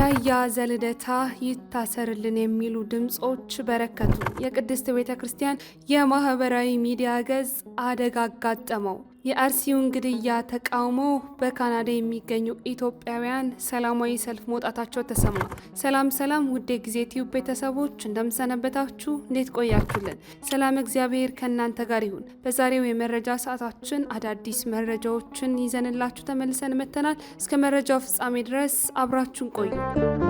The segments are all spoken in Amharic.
ያያ ዘልደታ ይታሰርልን የሚሉ ድምጾች በረከቱ። የቅድስት ቤተ ክርስቲያን የማህበራዊ ሚዲያ ገጽ አደጋ አጋጠመው። የአርሲውን ግድያ ተቃውሞ በካናዳ የሚገኙ ኢትዮጵያውያን ሰላማዊ ሰልፍ መውጣታቸው ተሰማ። ሰላም ሰላም፣ ውዴ ጊዜ ቲዩብ ቤተሰቦች እንደምሰነበታችሁ፣ እንዴት ቆያችሁልን? ሰላም እግዚአብሔር ከእናንተ ጋር ይሁን። በዛሬው የመረጃ ሰዓታችን አዳዲስ መረጃዎችን ይዘንላችሁ ተመልሰን መተናል። እስከ መረጃው ፍጻሜ ድረስ አብራችሁን ቆዩ።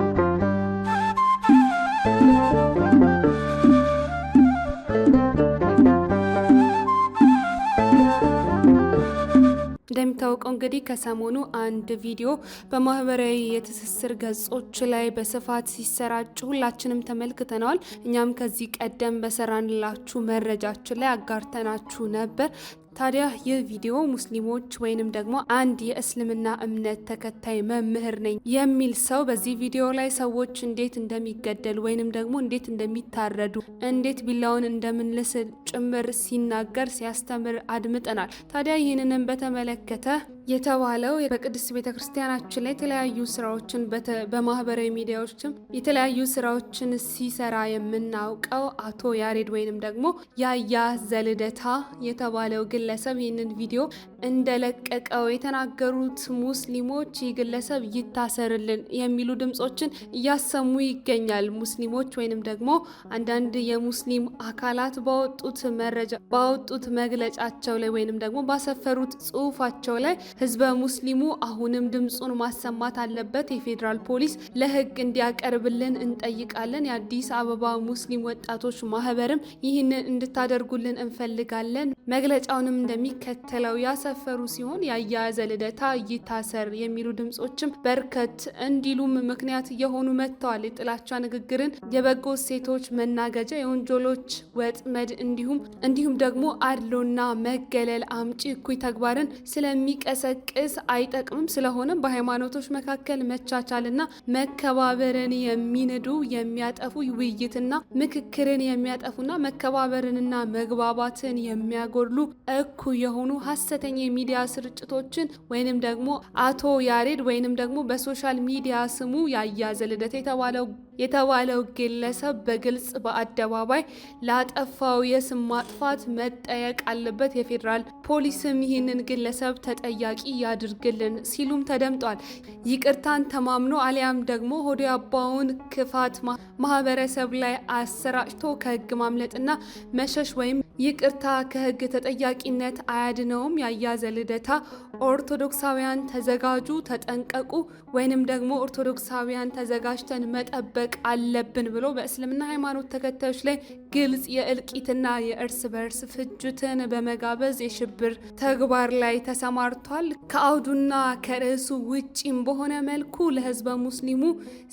እንደሚታወቀው እንግዲህ ከሰሞኑ አንድ ቪዲዮ በማህበራዊ የትስስር ገጾች ላይ በስፋት ሲሰራጭ ሁላችንም ተመልክተነዋል። እኛም ከዚህ ቀደም በሰራንላችሁ መረጃችን ላይ አጋርተናችሁ ነበር። ታዲያ ይህ ቪዲዮ ሙስሊሞች ወይንም ደግሞ አንድ የእስልምና እምነት ተከታይ መምህር ነኝ የሚል ሰው በዚህ ቪዲዮ ላይ ሰዎች እንዴት እንደሚገደሉ ወይንም ደግሞ እንዴት እንደሚታረዱ እንዴት ቢላውን እንደምንልስል ጭምር ሲናገር ሲያስተምር አድምጠናል። ታዲያ ይህንንም በተመለከተ የተባለው በቅድስት ቤተ ክርስቲያናችን ላይ የተለያዩ ስራዎችን በማህበራዊ ሚዲያዎችም የተለያዩ ስራዎችን ሲሰራ የምናውቀው አቶ ያሬድ ወይንም ደግሞ ያያ ዘልደታ የተባለው ግለሰብ ይህንን ቪዲዮ እንደለቀቀው የተናገሩት ሙስሊሞች ይህ ግለሰብ ይታሰርልን የሚሉ ድምጾችን እያሰሙ ይገኛል። ሙስሊሞች ወይንም ደግሞ አንዳንድ የሙስሊም አካላት ባወጡት መረጃ ባወጡት መግለጫቸው ላይ ወይንም ደግሞ ባሰፈሩት ጽሁፋቸው ላይ ህዝበ ሙስሊሙ አሁንም ድምፁን ማሰማት አለበት። የፌዴራል ፖሊስ ለህግ እንዲያቀርብልን እንጠይቃለን። የአዲስ አበባ ሙስሊም ወጣቶች ማህበርም ይህንን እንድታደርጉልን እንፈልጋለን። መግለጫውንም እንደሚከተለው ያሰፈሩ ሲሆን ያያዘ ልደታ ይታሰር የሚሉ ድምፆችም በርከት እንዲሉም ምክንያት እየሆኑ መጥተዋል። የጥላቻ ንግግርን፣ የበጎ ሴቶች መናገጃ፣ የወንጀሎች ወጥመድ እንዲሁም እንዲሁም ደግሞ አድሎና መገለል አምጪ እኩይ ተግባርን ስለሚቀስ የሚቀሰቅስ አይጠቅምም። ስለሆነም በሃይማኖቶች መካከል መቻቻልና መከባበርን የሚንዱ የሚያጠፉ ውይይትና ምክክርን የሚያጠፉና መከባበርንና መግባባትን የሚያጎድሉ እኩ የሆኑ ሀሰተኛ የሚዲያ ስርጭቶችን ወይንም ደግሞ አቶ ያሬድ ወይንም ደግሞ በሶሻል ሚዲያ ስሙ ያያዘ ልደት የተባለው የተባለው ግለሰብ በግልጽ በአደባባይ ላጠፋው የስም ማጥፋት መጠየቅ አለበት፣ የፌዴራል ፖሊስም ይህንን ግለሰብ ተጠያቂ ያድርግልን ሲሉም ተደምጧል። ይቅርታን ተማምኖ አሊያም ደግሞ ሆዴ ክፋት ማህበረሰብ ላይ አሰራጭቶ ከህግ ማምለጥና መሸሽ ወይም ይቅርታ ከህግ ተጠያቂነት አያድነውም። ያያዘ ልደታ ኦርቶዶክሳውያን ተዘጋጁ፣ ተጠንቀቁ ወይንም ደግሞ ኦርቶዶክሳውያን ተዘጋጅተን መጠበቅ መጠበቅ አለብን ብሎ በእስልምና ሃይማኖት ተከታዮች ላይ ግልጽ የእልቂትና የእርስ በርስ ፍጅትን በመጋበዝ የሽብር ተግባር ላይ ተሰማርቷል። ከአውዱና ከርዕሱ ውጪም በሆነ መልኩ ለህዝበ ሙስሊሙ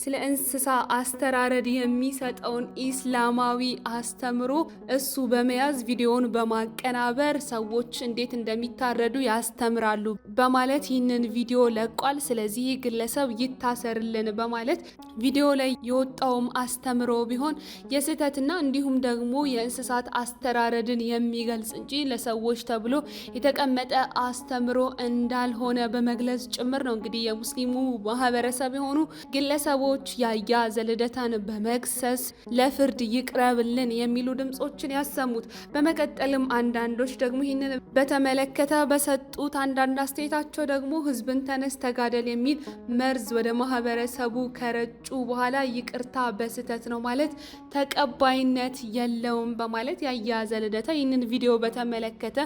ስለ እንስሳ አስተራረድ የሚሰጠውን ኢስላማዊ አስተምሮ እሱ በመያዝ ቪዲዮን በማቀናበር ሰዎች እንዴት እንደሚታረዱ ያስተምራሉ በማለት ይህንን ቪዲዮ ለቋል። ስለዚህ ግለሰብ ይታሰርልን በማለት ቪዲዮ ላይ የወጣውም አስተምሮ ቢሆን የስህተትና እንዲሁም ደግሞ የእንስሳት አስተራረድን የሚገልጽ እንጂ ለሰዎች ተብሎ የተቀመጠ አስተምሮ እንዳልሆነ በመግለጽ ጭምር ነው። እንግዲህ የሙስሊሙ ማህበረሰብ የሆኑ ግለሰቦች ያያ ዘልደታን በመክሰስ ለፍርድ ይቅረብልን የሚሉ ድምጾችን ያሰሙት። በመቀጠልም አንዳንዶች ደግሞ ይህንን በተመለከተ በሰጡት አንዳንድ አስተያየታቸው ደግሞ ህዝብን ተነስ ተጋደል የሚል መርዝ ወደ ማህበረሰቡ ከረጩ በኋላ ይቅርታ በስህተት ነው ማለት ተቀባይነት የለውም በማለት ያያዘ ልደታ ይህንን ቪዲዮ በተመለከተ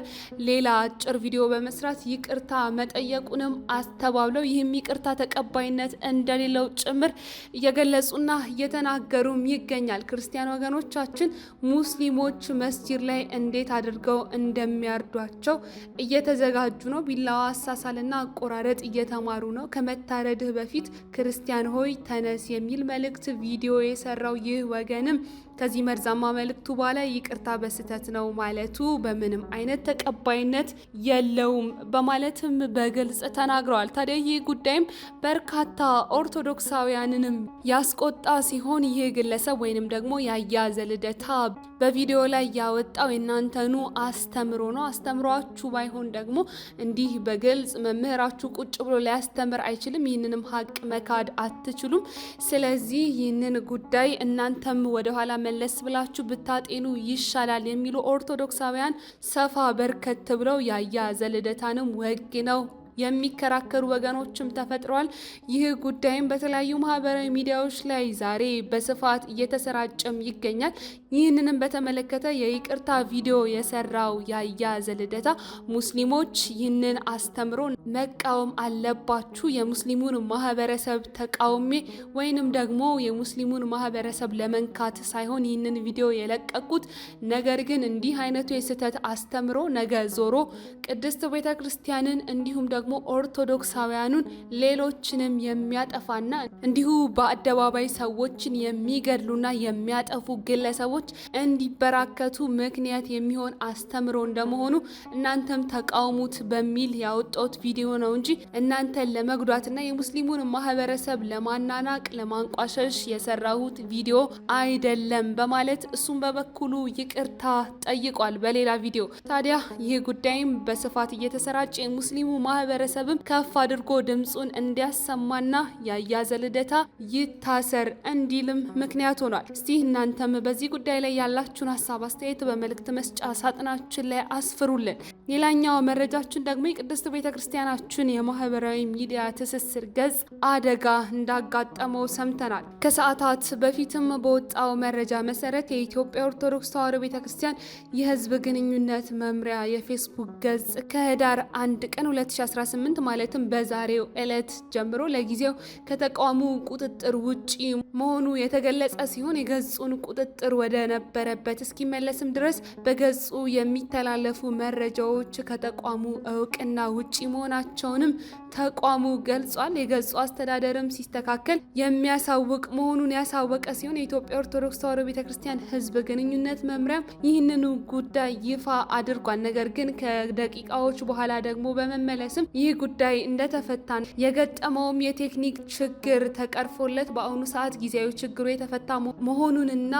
ሌላ አጭር ቪዲዮ በመስራት ይቅርታ መጠየቁንም አስተባብለው ይህም ይቅርታ ተቀባይነት እንደሌለው ጭምር እየገለጹና እየተናገሩም ይገኛል። ክርስቲያን ወገኖቻችን ሙስሊሞች መስጂድ ላይ እንዴት አድርገው እንደሚያርዷቸው እየተዘጋጁ ነው። ቢላዋ አሳሳልና አቆራረጥ እየተማሩ ነው። ከመታረድህ በፊት ክርስቲያን ሆይ ተነስ የሚል መልእክት ቪዲዮ የሰራው ይህ ወገንም ከዚህ መርዛማ መልእክቱ በኋላ ይቅርታ በስህተት ነው ማለቱ በምንም አይነት ተቀባይነት የለውም በማለትም በግልጽ ተናግረዋል። ታዲያ ይህ ጉዳይም በርካታ ኦርቶዶክሳውያንንም ያስቆጣ ሲሆን ይህ ግለሰብ ወይንም ደግሞ ያያዘ ልደታ በቪዲዮ ላይ ያወጣው የእናንተኑ አስተምሮ ነው። አስተምሯችሁ ባይሆን ደግሞ እንዲህ በግልጽ መምህራችሁ ቁጭ ብሎ ሊያስተምር አይችልም። ይህንንም ሀቅ መካድ አትችሉም። ስለዚህ ይህንን ጉዳይ እናንተም ወደኋላ መለስ ብላችሁ ብታጤኑ ይሻላል የሚሉ ኦርቶዶክሳውያን ሰፋ በርከት ብለው ያያ ዘልደታንም ወግ ነው የሚከራከሩ ወገኖችም ተፈጥሯል። ይህ ጉዳይም በተለያዩ ማህበራዊ ሚዲያዎች ላይ ዛሬ በስፋት እየተሰራጨም ይገኛል። ይህንንም በተመለከተ የይቅርታ ቪዲዮ የሰራው ያያ ዘልደታ ሙስሊሞች ይህንን አስተምሮ መቃወም አለባችሁ፣ የሙስሊሙን ማህበረሰብ ተቃውሜ ወይንም ደግሞ የሙስሊሙን ማህበረሰብ ለመንካት ሳይሆን ይህንን ቪዲዮ የለቀቁት ነገር ግን እንዲህ አይነቱ የስህተት አስተምሮ ነገ ዞሮ ቅድስት ቤተክርስቲያንን እንዲሁም ደ ደግሞ ኦርቶዶክሳውያኑን ሌሎችንም የሚያጠፋና እንዲሁ በአደባባይ ሰዎችን የሚገድሉና የሚያጠፉ ግለሰቦች እንዲበራከቱ ምክንያት የሚሆን አስተምሮ እንደመሆኑ እናንተም ተቃውሙት በሚል ያወጣሁት ቪዲዮ ነው እንጂ እናንተን ለመጉዳትና የሙስሊሙን ማህበረሰብ ለማናናቅ ለማንቋሸሽ የሰራሁት ቪዲዮ አይደለም በማለት እሱም በበኩሉ ይቅርታ ጠይቋል በሌላ ቪዲዮ። ታዲያ ይህ ጉዳይም በስፋት እየተሰራጨ የሙስሊሙ ማህበረ ማህበረሰብም ከፍ አድርጎ ድምፁን እንዲያሰማና ያያዘ ልደታ ይታሰር እንዲልም ምክንያት ሆኗል። እስቲ እናንተም በዚህ ጉዳይ ላይ ያላችሁን ሀሳብ አስተያየት በመልእክት መስጫ ሳጥናችን ላይ አስፍሩልን። ሌላኛው መረጃችን ደግሞ የቅድስት ቤተ ክርስቲያናችን የማህበራዊ ሚዲያ ትስስር ገጽ አደጋ እንዳጋጠመው ሰምተናል። ከሰዓታት በፊትም በወጣው መረጃ መሰረት የኢትዮጵያ ኦርቶዶክስ ተዋሕዶ ቤተ ክርስቲያን የህዝብ ግንኙነት መምሪያ የፌስቡክ ገጽ ከህዳር 1 ቀን 2017 2018 ማለትም በዛሬው ዕለት ጀምሮ ለጊዜው ከተቋሙ ቁጥጥር ውጪ መሆኑ የተገለጸ ሲሆን የገጹን ቁጥጥር ወደ ነበረበት እስኪመለስም ድረስ በገጹ የሚተላለፉ መረጃዎች ከተቋሙ እውቅና ውጪ መሆናቸውንም ተቋሙ ገልጿል። የገጹ አስተዳደርም ሲስተካከል የሚያሳውቅ መሆኑን ያሳወቀ ሲሆን የኢትዮጵያ ኦርቶዶክስ ተዋሕዶ ቤተክርስቲያን ሕዝብ ግንኙነት መምሪያም ይህንኑ ጉዳይ ይፋ አድርጓል። ነገር ግን ከደቂቃዎች በኋላ ደግሞ በመመለስም ይህ ጉዳይ እንደተፈታ የገጠመውም የቴክኒክ ችግር ተቀርፎለት በአሁኑ ሰዓት ጊዜያዊ ችግሩ የተፈታ መሆኑንና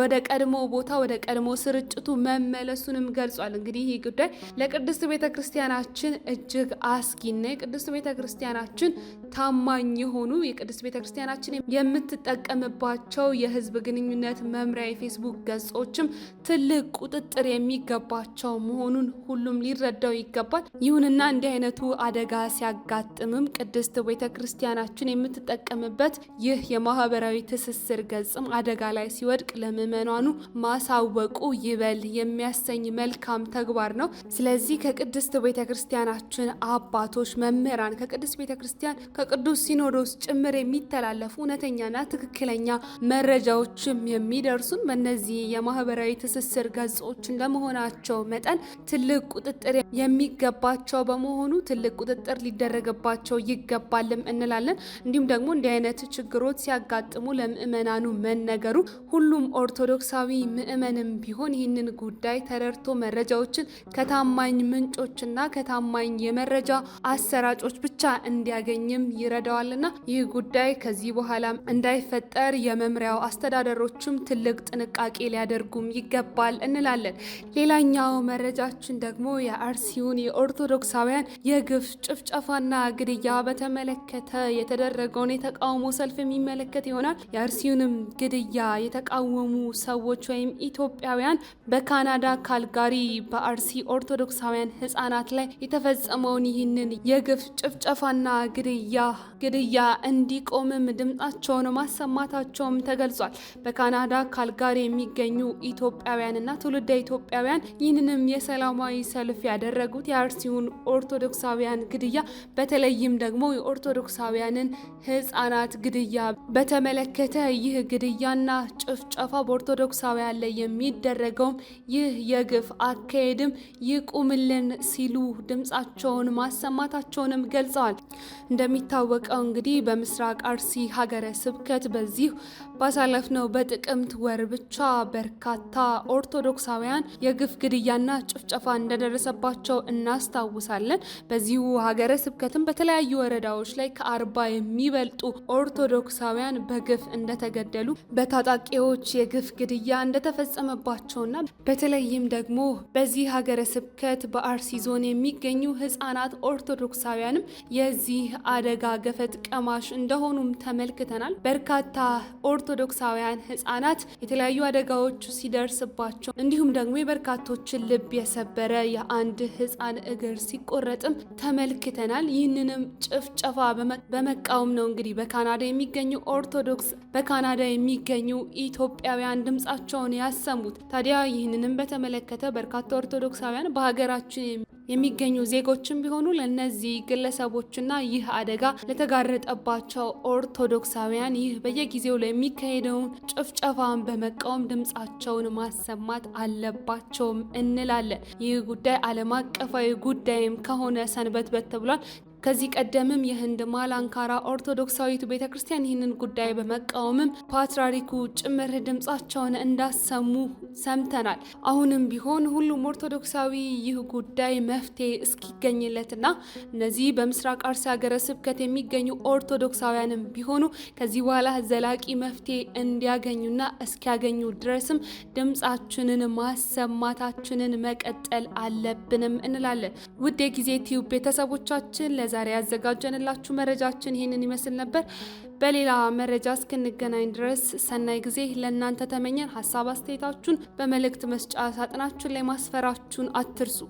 ወደ ቀድሞ ቦታ ወደ ቀድሞ ስርጭቱ መመለሱንም ገልጿል። እንግዲህ ይህ ጉዳይ ለቅድስት ቤተ ክርስቲያናችን እጅግ አስጊና የቅድስት ቤተ ክርስቲያናችን ታማኝ የሆኑ የቅድስት ቤተክርስቲያናችን የምትጠቀምባቸው የህዝብ ግንኙነት መምሪያ የፌስቡክ ገጾችም ትልቅ ቁጥጥር የሚገባቸው መሆኑን ሁሉም ሊረዳው ይገባል። ይሁንና እንዲህ አይነቱ አደጋ ሲያጋጥምም ቅድስት ቤተክርስቲያናችን የምትጠቀምበት ይህ የማህበራዊ ትስስር ገጽም አደጋ ላይ ሲወድቅ ለምዕመናኑ ማሳወቁ ይበል የሚያሰኝ መልካም ተግባር ነው። ስለዚህ ከቅድስት ቤተክርስቲያናችን አባቶች፣ መምህራን ከቅድስት ቤተክርስቲያን ከቅዱስ ሲኖዶስ ጭምር የሚተላለፉ እውነተኛና ትክክለኛ መረጃዎችም የሚደርሱን በእነዚህ የማህበራዊ ትስስር ገጾች እንደመሆናቸው መጠን ትልቅ ቁጥጥር የሚገባቸው በመሆኑ ትልቅ ቁጥጥር ሊደረግባቸው ይገባልም እንላለን። እንዲሁም ደግሞ እንዲህ አይነት ችግሮች ሲያጋጥሙ ለምእመናኑ መነገሩ ሁሉም ኦርቶዶክሳዊ ምእመንም ቢሆን ይህንን ጉዳይ ተረድቶ መረጃዎችን ከታማኝ ምንጮችና ከታማኝ የመረጃ አሰራጮች ብቻ እንዲያገኝም ይረዳዋልና ይህ ጉዳይ ከዚህ በኋላም እንዳይፈጠር የመምሪያው አስተዳደሮችም ትልቅ ጥንቃቄ ሊያደርጉም ይገባል እንላለን። ሌላኛው መረጃችን ደግሞ የአርሲውን የኦርቶዶክሳውያን የግፍ ጭፍጨፋና ግድያ በተመለከተ የተደረገውን የተቃውሞ ሰልፍ የሚመለከት ይሆናል። የአርሲውንም ግድያ የተቃወሙ ሰዎች ወይም ኢትዮጵያውያን በካናዳ ካልጋሪ በአርሲ ኦርቶዶክሳውያን ሕጻናት ላይ የተፈጸመውን ይህንን የግፍ ጭፍጨፋና ግድያ ግድያ እንዲቆምም ድምጻቸውን ማሰማታቸውም ተገልጿል። በካናዳ ካልጋሪ የሚገኙ ኢትዮጵያውያንና ትውልደ ኢትዮጵያውያን ይህንንም የሰላማዊ ሰልፍ ያደረጉት የአርሲውን ኦርቶዶክሳውያን ግድያ በተለይም ደግሞ የኦርቶዶክሳውያንን ህጻናት ግድያ በተመለከተ ይህ ግድያና ጭፍጨፋ በኦርቶዶክሳውያን ላይ የሚደረገውም ይህ የግፍ አካሄድም ይቁምልን ሲሉ ድምጻቸውን ማሰማታቸውንም ገልጸዋል። እንደሚታወቀው እንግዲህ በምስራቅ አርሲ ሀገረ ስብከት በዚህ ባሳለፍነው በጥቅምት ወር ብቻ በርካታ ኦርቶዶክሳውያን የግፍ ግድያና ጭፍጨፋ እንደደረሰባቸው እናስታውሳለን። በዚሁ ሀገረ ስብከትም በተለያዩ ወረዳዎች ላይ ከአርባ የሚበልጡ ኦርቶዶክሳውያን በግፍ እንደተገደሉ በታጣቂዎች የግፍ ግድያ እንደተፈጸመባቸውና በተለይም ደግሞ በዚህ ሀገረ ስብከት በአርሲ ዞን የሚገኙ ህጻናት ኦርቶዶክሳውያንም የዚህ አደ አደጋ ገፈት ቀማሽ እንደሆኑም ተመልክተናል። በርካታ ኦርቶዶክሳውያን ህጻናት የተለያዩ አደጋዎች ሲደርስባቸው እንዲሁም ደግሞ የበርካቶችን ልብ የሰበረ የአንድ ህጻን እግር ሲቆረጥም ተመልክተናል። ይህንንም ጭፍጨፋ በመቃወም ነው እንግዲህ በካናዳ የሚገኙ ኦርቶዶክስ በካናዳ የሚገኙ ኢትዮጵያውያን ድምጻቸውን ያሰሙት። ታዲያ ይህንንም በተመለከተ በርካታ ኦርቶዶክሳውያን በሀገራችን የሚገኙ ዜጎችም ቢሆኑ ለእነዚህ ግለሰቦችና ይህ አደጋ ለተጋረጠባቸው ኦርቶዶክሳውያን ይህ በየጊዜው ለሚካሄደውን ጭፍጨፋን በመቃወም ድምፃቸውን ማሰማት አለባቸውም እንላለን። ይህ ጉዳይ ዓለም አቀፋዊ ጉዳይም ከሆነ ሰንበት በት ተብሏል ከዚህ ቀደምም የህንድ ማላንካራ ኦርቶዶክሳዊቱ ቤተ ክርስቲያን ይህንን ጉዳይ በመቃወምም ፓትርያርኩ ጭምር ድምጻቸውን እንዳሰሙ ሰምተናል። አሁንም ቢሆን ሁሉም ኦርቶዶክሳዊ ይህ ጉዳይ መፍትሄ እስኪገኝለትና እነዚህ በምስራቅ አርሲ ሀገረ ስብከት የሚገኙ ኦርቶዶክሳውያንም ቢሆኑ ከዚህ በኋላ ዘላቂ መፍትሄ እንዲያገኙና እስኪያገኙ ድረስም ድምጻችንን ማሰማታችንን መቀጠል አለብንም እንላለን። ውድ የጊዜ ቲዩብ ቤተሰቦቻችን ለዛሬ ያዘጋጀንላችሁ መረጃችን ይህንን ይመስል ነበር። በሌላ መረጃ እስክንገናኝ ድረስ ሰናይ ጊዜ ለእናንተ ተመኘን። ሀሳብ አስተያየታችሁን በመልእክት መስጫ ሳጥናችሁን ላይ ማስፈራችሁን አትርሱ።